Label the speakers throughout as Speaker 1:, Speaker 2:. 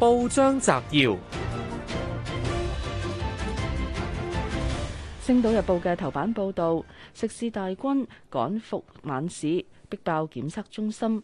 Speaker 1: 報章摘要：《星島日報》嘅頭版報道，食肆大軍趕赴晚市，逼爆檢測中心。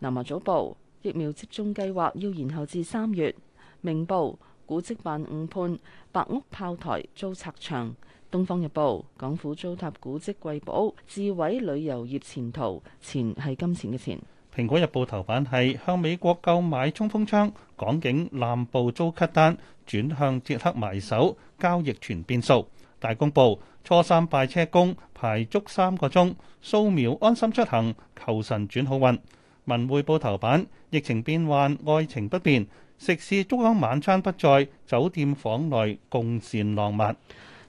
Speaker 1: 南華早報：疫苗接種計劃要延後至三月。明報：古蹟辦誤判，白屋炮台遭拆牆。《東方日報》：港府糟蹋古蹟瑰寶，自毀旅遊業前途。錢係金錢嘅錢。
Speaker 2: 《蘋果日報》頭版係向美國購買衝鋒槍，港警濫捕遭吸單，轉向捷克買手，交易全變數。大公報初三拜車公，排足三個鐘，掃描安心出行，求神轉好運。《文匯報》頭版疫情變幻，愛情不變，食肆燭光晚餐不在，酒店房內共膳浪漫。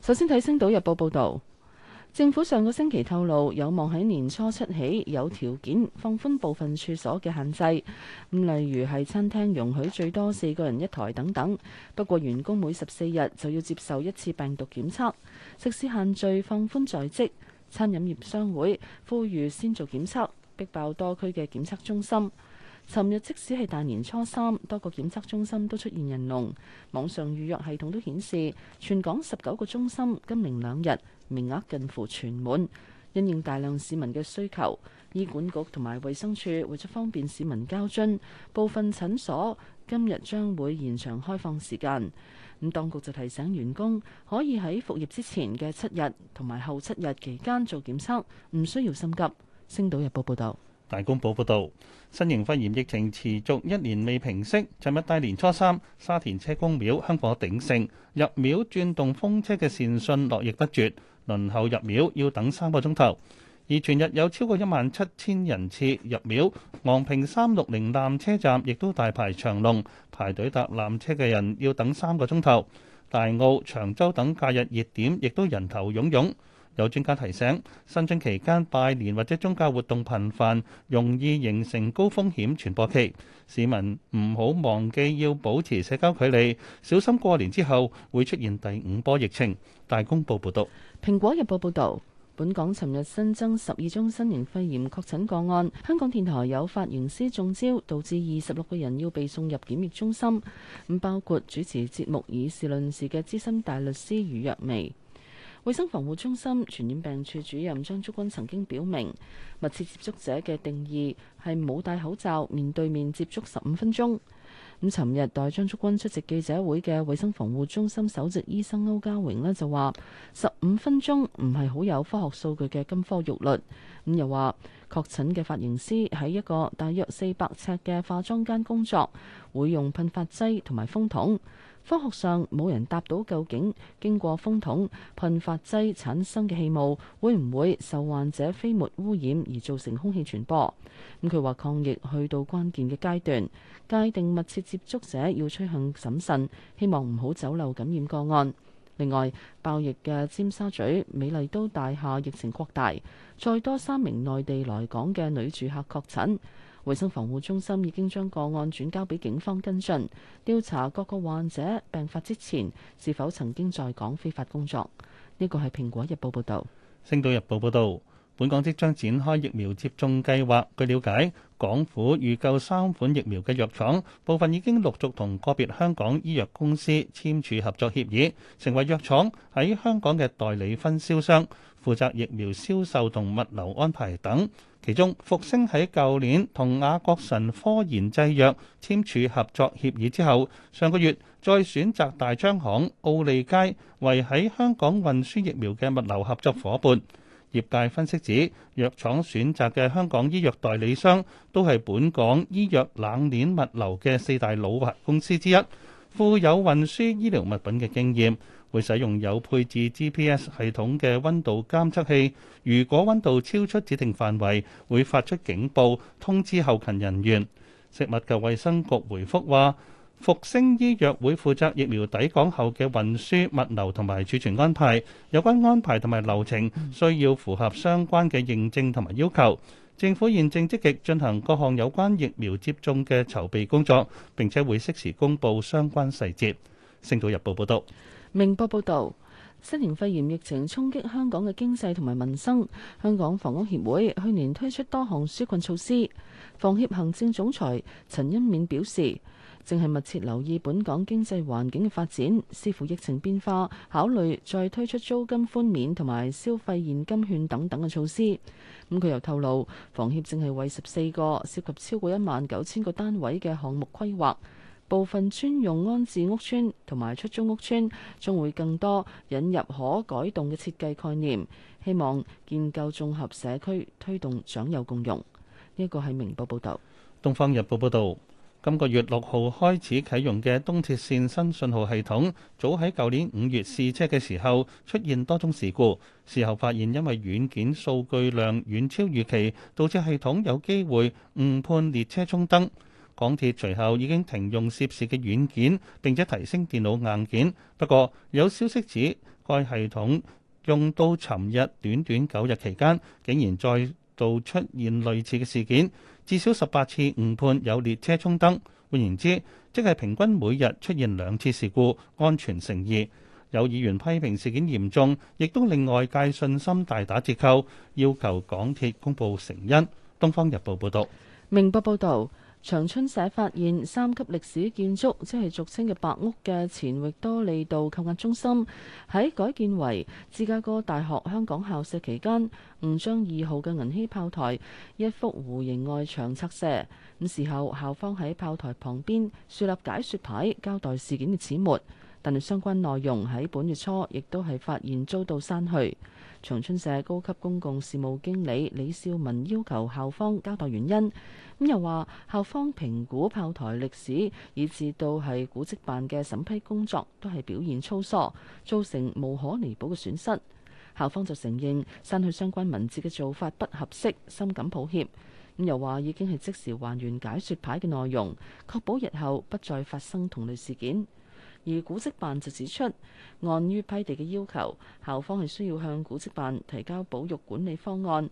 Speaker 1: 首先睇《星島日報》報道。政府上個星期透露，有望喺年初七起，有條件放寬部分處所嘅限制，例如係餐廳容許最多四個人一枱等等。不過員工每十四日就要接受一次病毒檢測。食肆限聚放寬在即，餐飲業商會呼籲先做檢測，逼爆多區嘅檢測中心。尋日即使係大年初三，多個檢測中心都出現人龍，網上預約系統都顯示全港十九個中心今明兩日名額近乎全滿。因應大量市民嘅需求，醫管局同埋衛生署為咗方便市民交津，部分診所今日將會延長開放時間。咁當局就提醒員工可以喺復業之前嘅七日同埋後七日期間做檢測，唔需要心急。星島日報報導。
Speaker 2: 大公報報導，新型肺炎疫情持續一年未平息。尋日大年初三，沙田車公廟香火鼎盛，入廟轉動風車嘅善信絡繹不絕，輪候入廟要等三個鐘頭。而全日有超過一萬七千人次入廟，昂坪三六零纜車站亦都大排長龍，排隊搭纜車嘅人要等三個鐘頭。大澳、長洲等假日熱點亦都人頭湧湧。有專家提醒，新春期間拜年或者宗教活動頻繁，容易形成高風險傳播期。市民唔好忘記要保持社交距離，小心過年之後會出現第五波疫情。大公報報道。
Speaker 1: 蘋果日報報道，本港尋日新增十二宗新型肺炎確診個案。香港電台有髮型師中招，導致二十六個人要被送入檢疫中心。咁包括主持節目以事論事嘅資深大律師余若薇。衛生防護中心傳染病處主任張竹君曾經表明，密切接觸者嘅定義係冇戴口罩，面對面接觸十五分鐘。咁尋日代張竹君出席記者會嘅衛生防護中心首席醫生歐家榮呢就話，十五分鐘唔係好有科學數據嘅金科玉律。咁又話。確診嘅髮型師喺一個大約四百尺嘅化妝間工作，會用噴發劑同埋風筒。科學上冇人答到，究竟經過風筒噴發劑產生嘅氣霧會唔會受患者飛沫污染而造成空氣傳播？咁佢話抗疫去到關鍵嘅階段，界定密切接觸者要趨向審慎，希望唔好走漏感染個案。另外，爆疫嘅尖沙咀美麗都大廈疫情擴大，再多三名內地來港嘅女住客確診，衛生防護中心已經將個案轉交俾警方跟進調查，各個患者病發之前是否曾經在港非法工作。呢個係蘋果日報報道。
Speaker 2: 星島日報報道。本港即將展開疫苗接種計劃，據了解，港府預購三款疫苗嘅藥廠部分已經陸續同個別香港醫藥公司簽署合作協議，成為藥廠喺香港嘅代理分銷商，負責疫苗銷售同物流安排等。其中，復星喺舊年同雅各臣科研製藥簽署合作協議之後，上個月再選擇大昌行、奧利佳為喺香港運輸疫苗嘅物流合作夥伴。業界分析指，藥廠選擇嘅香港醫藥代理商都係本港醫藥冷鏈物流嘅四大老客公司之一，富有運輸醫療物品嘅經驗，會使用有配置 GPS 系統嘅溫度監測器，如果溫度超出指定範圍，會發出警報，通知後勤人員。食物及衛生局回覆話。復星醫藥會負責疫苗抵港後嘅運輸、物流同埋儲存安排。有關安排同埋流程需要符合相關嘅認證同埋要求。政府現正積極進行各項有關疫苗接種嘅籌備工作，並且會適時公佈相關細節。星島日報報導，
Speaker 1: 明報報導，新型肺炎疫情衝擊香港嘅經濟同埋民生。香港房屋協會去年推出多項紓困措施。房協行政總裁陳欽勉表示。正係密切留意本港經濟環境嘅發展，視乎疫情變化，考慮再推出租金寬免同埋消費現金券等等嘅措施。咁佢又透露，房協正係為十四個涉及超過一萬九千個單位嘅項目規劃，部分專用安置屋邨同埋出租屋邨將會更多引入可改動嘅設計概念，希望建構綜合社區，推動長幼共融。呢、這個係明報報道。
Speaker 2: 《東方日報》報道。今個月六號開始啟用嘅東鐵線新信號系統，早喺舊年五月試車嘅時候出現多宗事故，事後發現因為軟件數據量遠超預期，導致系統有機會誤判列車衝燈。港鐵隨後已經停用涉事嘅軟件，並且提升電腦硬件。不過有消息指，該系統用到尋日短短九日期間，竟然再到出現類似嘅事件，至少十八次誤判有列車衝燈，換言之，即係平均每日出現兩次事故，安全成疑。有議員批評事件嚴重，亦都令外界信心大打折扣，要求港鐵公布成因。《東方日報》報道，
Speaker 1: 《明報》報道。長春社發現三級歷史建築，即係俗稱嘅白屋嘅前域多利道扣押中心，喺改建為芝加哥大學香港校舍期間，誤將二號嘅銀禧炮台一幅弧形外牆拆卸。咁時候校方喺炮台旁邊樹立解説牌，交代事件嘅始末。但係相關內容喺本月初亦都係發現遭到刪去。長春社高級公共事務經理李少文要求校方交代原因，咁又話校方評估炮台歷史，以至到係古蹟辦嘅審批工作都係表現粗疏，造成無可彌補嘅損失。校方就承認刪去相關文字嘅做法不合適，深感抱歉。咁又話已經係即時還原解說牌嘅內容，確保日後不再發生同類事件。而古蹟辦就指出，按於批地嘅要求，校方係需要向古蹟辦提交保育管理方案。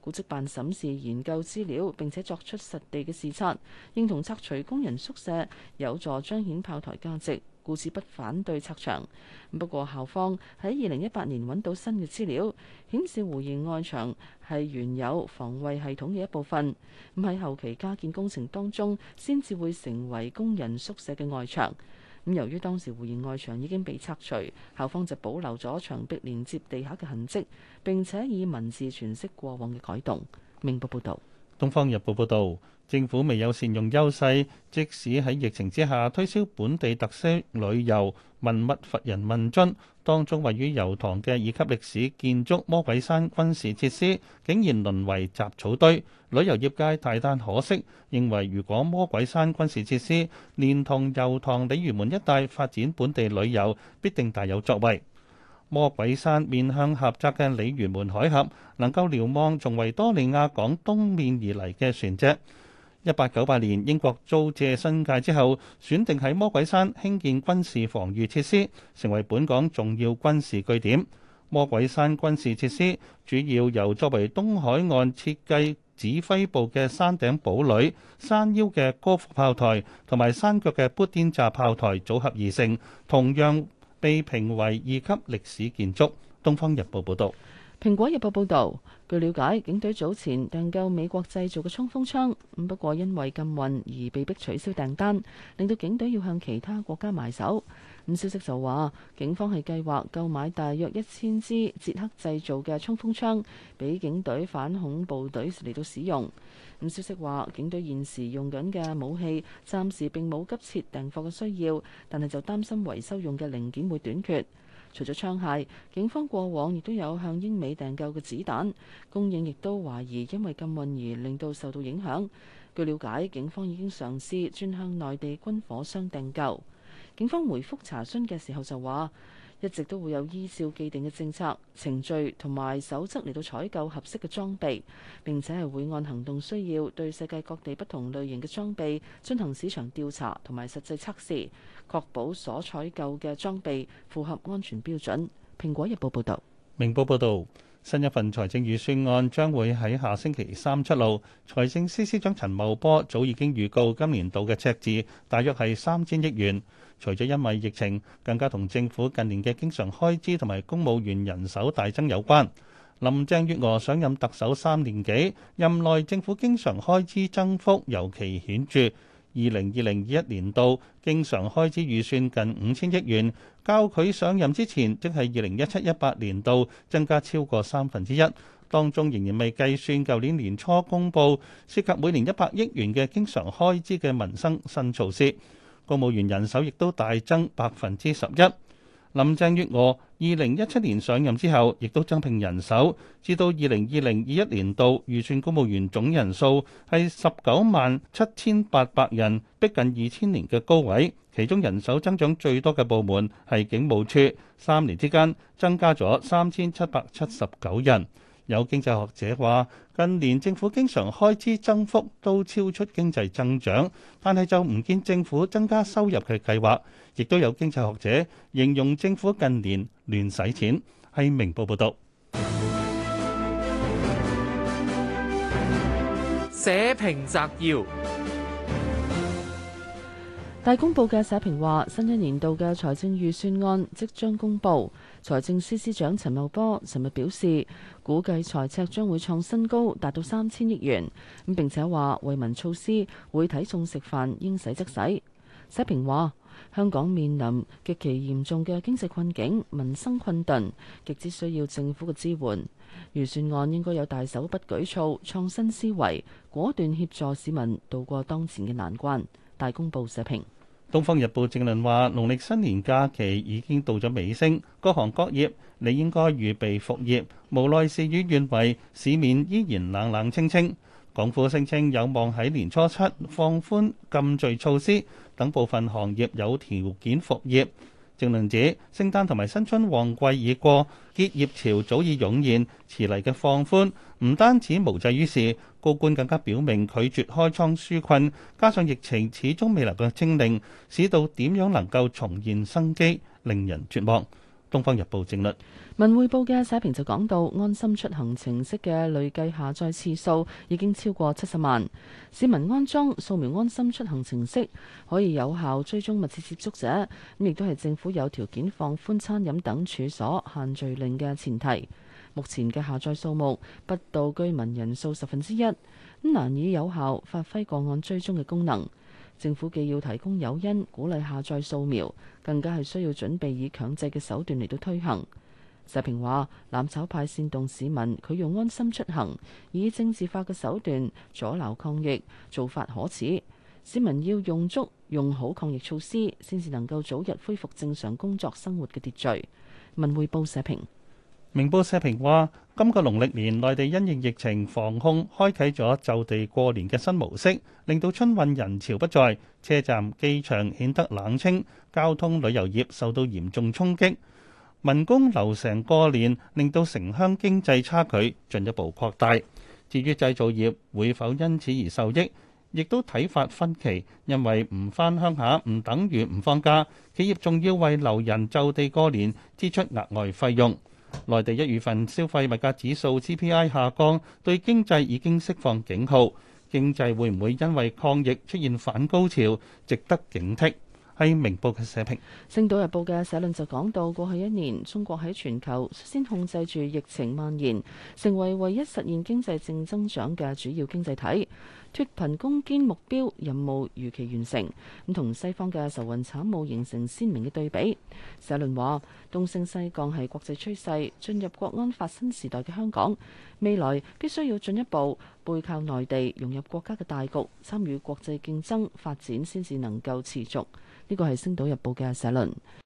Speaker 1: 古蹟辦審視研究資料，並且作出實地嘅視察，認同拆除工人宿舍有助彰顯炮台價值，故此不反對拆牆。不過，校方喺二零一八年揾到新嘅資料，顯示弧形外牆係原有防衛系統嘅一部分，唔係後期加建工程當中先至會成為工人宿舍嘅外牆。咁由於當時胡賢外牆已經被拆除，校方就保留咗牆壁連接地下嘅痕跡，並且以文字詮釋過往嘅改動。明報報道。
Speaker 2: 《東方日報》報導，政府未有善用優勢，即使喺疫情之下推銷本地特色旅遊文物乏人問津，當中，位於油塘嘅二級歷史建築魔鬼山軍事設施，竟然淪為雜草堆。旅遊業界大嘆可惜，認為如果魔鬼山軍事設施連同油塘鯉魚門一帶發展本地旅遊，必定大有作為。魔鬼山面向狹窄嘅鯉魚門海峽，能夠瞭望從維多利亞港東面而嚟嘅船隻。一八九八年英國租借新界之後，選定喺魔鬼山興建軍事防禦設施，成為本港重要軍事據點。魔鬼山軍事設施主要由作為東海岸設計指揮部嘅山頂堡壘、山腰嘅歌賦炮台同埋山腳嘅砵甸乍炮台組合而成，同樣，被評為二級歷史建築，東方日報報道。
Speaker 1: 《蘋果日報》報導，據了解，警隊早前訂購美國製造嘅衝鋒槍，咁不過因為禁運而被迫取消訂單，令到警隊要向其他國家埋手。咁消息就話，警方係計劃購買大約一千支捷克製造嘅衝鋒槍，俾警隊反恐部隊嚟到使用。咁消息話，警隊現時用緊嘅武器，暫時並冇急切訂貨嘅需要，但係就擔心維修用嘅零件會短缺。除咗槍械，警方過往亦都有向英美訂購嘅子彈，供應亦都懷疑因為禁運而令到受到影響。據了解，警方已經嘗試轉向內地軍火商訂購。警方回覆查詢嘅時候就話：一直都會有依照既定嘅政策、程序同埋守則嚟到採購合適嘅裝備，並且係會按行動需要對世界各地不同類型嘅裝備進行市場調查同埋實際測試，確保所採購嘅裝備符合安全標準。《蘋果日報》報道。
Speaker 2: 《明報》報道。新一份財政預算案將會喺下星期三出爐。財政司司長陳茂波早已經預告，今年度嘅赤字大約係三千億元，除咗因為疫情，更加同政府近年嘅經常開支同埋公務員人手大增有關。林鄭月娥上任特首三年幾，任內政府經常開支增幅尤其顯著。二零二零二一年度經常開支預算近五千億元，較佢上任之前即係二零一七一八年度增加超過三分之一，3，當中仍然未計算舊年年初公布涉及每年一百億元嘅經常開支嘅民生新措施，公務員人手亦都大增百分之十一。林鄭月娥二零一七年上任之後，亦都增聘人手，至到二零二零二一年度預算，公務員總人數係十九萬七千八百人，逼近二千年嘅高位。其中人手增長最多嘅部門係警務處，三年之間增加咗三千七百七十九人。有經濟學者話：近年政府經常開支增幅都超出經濟增長，但係就唔見政府增加收入嘅計劃。亦都有經濟學者形容政府近年亂使錢。係明報報道，社評摘要。
Speaker 1: 大公報嘅社評話：新一年度嘅財政預算案即將公布，財政司司長陳茂波尋日表示，估計財赤將會創新高，達到三千億元。咁並且話，惠民措施會睇餸食飯，應使則使。社評話：香港面臨極其嚴重嘅經濟困境、民生困頓，極之需要政府嘅支援。預算案應該有大手筆舉措、創新思維、果斷協助市民渡過當前嘅難關。大公報社評。東方日報正論
Speaker 2: 話，農曆新年假期已經到咗尾聲，各行各業你應該預備復業，無奈事與願違，市面依然冷冷清清。港府聲稱有望喺年初七放寬禁聚措施，等部分行業有條件復業。政論指聖誕同埋新春旺季已過，結業潮早已湧現，遲嚟嘅放寬唔單止無濟於事，高官更加表明拒絕開倉紓困，加上疫情始終未能夠清零，使到點樣能夠重現生機，令人絕望。《東方日報》政律。
Speaker 1: 《文匯報》嘅社評就講到安心出行程式嘅累計下載次數已經超過七十萬，市民安裝掃描安心出行程式可以有效追蹤密切接觸者，咁亦都係政府有條件放寬餐飲等處所限聚令嘅前提。目前嘅下載數目不到居民人數十分之一，咁難以有效發揮個案追蹤嘅功能。政府既要提供誘因鼓勵下載掃描，更加係需要準備以強制嘅手段嚟到推行。社評話攬炒派煽動市民拒用安心出行，以政治化嘅手段阻撓抗疫，做法可恥。市民要用足用好抗疫措施，先至能夠早日恢復正常工作生活嘅秩序。文匯報社評。明報
Speaker 2: 社評話：今個農曆年，內地因應疫情防控，開啟咗就地過年嘅新模式，令到春運人潮不再，車站、機場顯得冷清，交通旅遊業受到嚴重衝擊。民工留城過年，令到城鄉經濟差距進一步擴大。至於製造業會否因此而受益，亦都睇法分歧。因為唔返鄉下唔等於唔放假，企業仲要為留人就地過年支出額外費用。內地一月份消費物價指數 CPI 下降，對經濟已經釋放警號。經濟會唔會因為抗疫出現反高潮，值得警惕。係明報嘅社評，
Speaker 1: 《星島日報》嘅社論就講到，過去一年中國喺全球率先控制住疫情蔓延，成為唯一實現經濟正增長嘅主要經濟體，脫貧攻堅目標任務如期完成，咁同西方嘅愁雲慘霧形成鮮明嘅對比。社論話：東升西降係國際趨勢，進入國安法新時代嘅香港。未來必須要進一步背靠內地，融入國家嘅大局，參與國際競爭發展，先至能夠持續。呢、這個係《星島日報》嘅社論。